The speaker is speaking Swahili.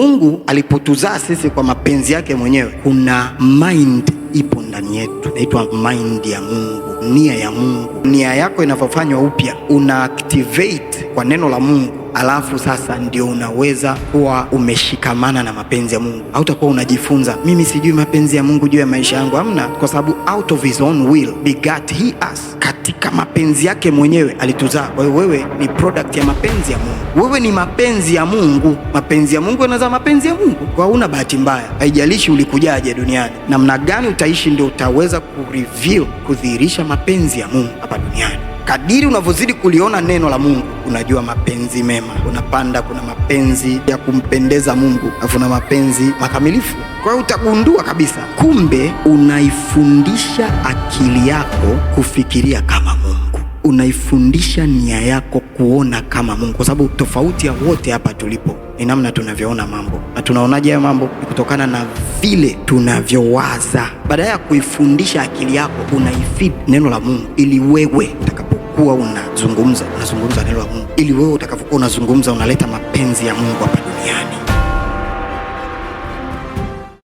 Mungu alipotuzaa sisi kwa mapenzi yake mwenyewe, kuna mind ipo ndani yetu, inaitwa mind ya Mungu, nia ya Mungu. Nia yako inavyofanywa upya, una activate kwa neno la Mungu alafu sasa ndio unaweza kuwa umeshikamana na mapenzi ya Mungu. Hautakuwa unajifunza mimi sijui mapenzi ya Mungu juu ya maisha yangu, hamna, kwa sababu out of his own will begat he us, katika mapenzi yake mwenyewe alituzaa. Kwa hiyo wewe ni product ya mapenzi ya Mungu, wewe ni mapenzi ya Mungu. Mapenzi ya Mungu yanazaa mapenzi ya Mungu, kwa una bahati mbaya. Haijalishi ulikujaje duniani, namna gani utaishi, ndio utaweza kureveal, kudhihirisha mapenzi ya Mungu hapa duniani. Kadiri unavyozidi kuliona neno la Mungu unajua mapenzi mema, unapanda kuna mapenzi ya kumpendeza Mungu na mapenzi makamilifu. Kwa hiyo utagundua kabisa, kumbe unaifundisha akili yako kufikiria kama Mungu, unaifundisha nia yako kuona kama Mungu, kwa sababu tofauti ya wote hapa tulipo ni namna tunavyoona mambo. Na tunaonaje hayo mambo? Ni kutokana na vile tunavyowaza. Badala ya kuifundisha akili yako, unaifid neno la Mungu ili wewe unapokuwa unazungumza unazungumza neno la Mungu, ili wewe utakapokuwa unazungumza unaleta mapenzi ya Mungu hapa duniani.